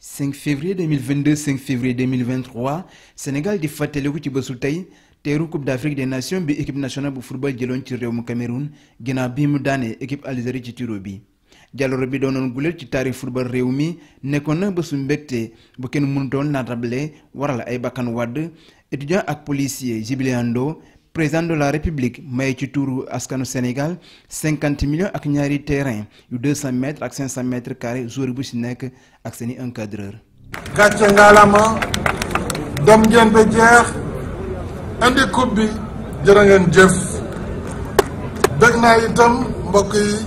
5 février 2022 5 février 2023 Sénégal di fàttaliku ci bésu tey terreau coupe d'Afrique des nations bi équipe nationale de football de ci au Cameroun ginnaaw bi mu équipe Algérie ci tiro bi jàlloro bi doonoon guléet ci de football réew mi de na bésu mbégte bu kenn n'a naatable waral ay bakkan wad, étudiant ak policier jubiléando président de la République, Maïti Tourou, Askano Sénégal, 50 millions de terrains, terrain, 200 mètres à 500 mètres carrés, Zouri Bouchinek, Akseni Encadreur. Gatje lama, Dom Dien Bédier, Andy Koubi, Djerangen Djef, Begna Itam, Mbokui,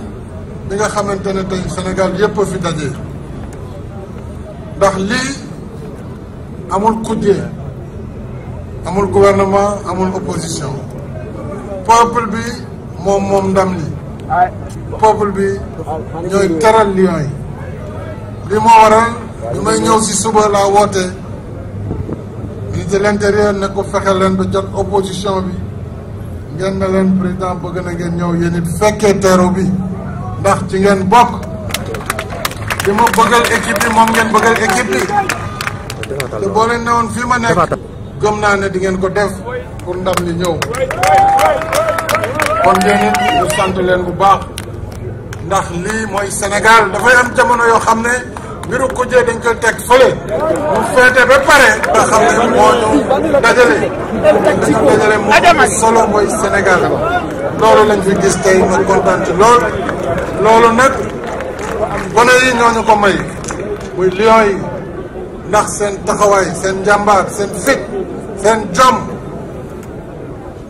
Nga Khamentene, Sénégal, Yepo Fidadier. Dakhli, Amon Koudier, amul gouvernement amul opposition peuple bi mom mom ndam li peuple bi ñoy taral lion yi li moo waral bi may ñëw ci suba la woote lii de l'intérieur ne ko fexe leen ba jot opposition bi ngeen ne leen président bëgg na ngeen ñëw yéen it fekkee bi ndax ci ngeen bok li ma bëggal équipe bi mom ngeen bëggal équipe bi te boo leen fi ma nek gëm naa ne di ngeen ko def pour ndam li ñëw kon yéen ñu sant leen bu baax ndax lii mooy Sénégal dafay am jamono yoo xam ne mbiru kujjee dañ koy teg fële bu feete ba pare nga xam ne moo ñu dajale dañu dajale mu solo mooy Sénégal loolu lañ gis tey ma kontaan ci lool loolu nag gone yi ñooñu ko may muy lion yi ndax seen taxaway seen njàmbaar seen fit seen jom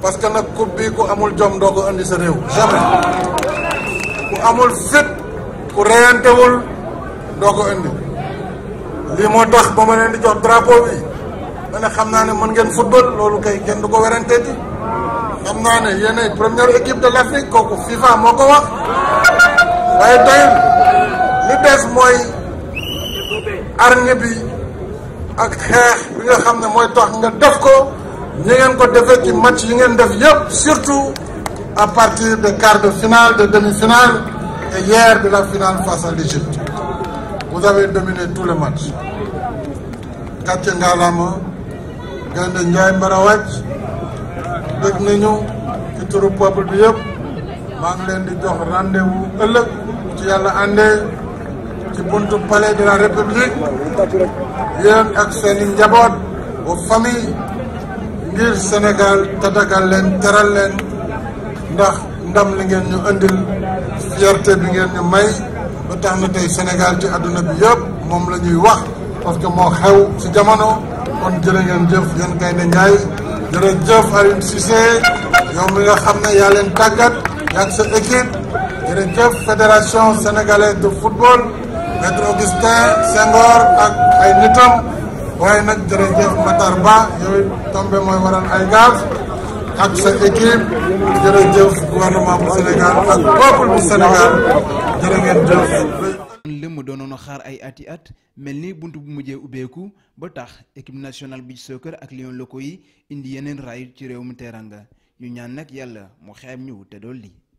parce que nag coupe bi ku amul jom doo ko andi sa réew jamais ku amul fit ku reyantewul doo ko indi lii moo tax ba ma leen di jox drapeau bi ma ne xam naa ne mën ngeen football loolu kay kenn du ko werante ci xam naa ne yéenay première équipe de l' Afrique kooku FIFA moo ko wax waaye doyul li des mooy arne bi ak xeex bi nga xam ne mooy tax nga def ko ni ngeen ko defee ci match yi ngeen def yëpp surtout à partir des quarts de finale de demi-finale et hier de la finale face à l'Égypte vous avez dominé tous les matchs gàcce Ngalama gaynde njaay mbara wàcc dégg nañu ci turu peuple bi yëpp maa ngi leen di jox rendez-vous ëllëg ci yàlla àndee ci buntu palais de la république yeen ak seeni njaboot bu famille ngir Sénégal tatagal leen teral leen ndax ndam li ngeen ñu andil fierté bi ngeen ñu may ba tax na tey Sénégal ci àdduna bi yëpp moom la ñuy wax parce que moo xew si jamono kon jërë ngeen jëf yéen Gaynde Njaay jëf Aliou Cissé yow mi nga xam ne yaa leen tàggat yaag sa équipe jëf fédération sénégalaise de football maître Augustin Senghor ak ay nitam waaye nag jërëjëf Matar Ba yooyu tombé mooy waral ay gaz ak sa équipe jërëjëf gouvernement bu Sénégal ak peuple bu Sénégal jërë ngeen jëf. li mu doonoon xaar ay ati at mel ni bunt bu mujjee ubbeeku ba tax équipe national bi soccer ak lion locaux yi indi yeneen raay ci réew mu teranga ñu ñaan nag yàlla mu xeeb ñu te dool lii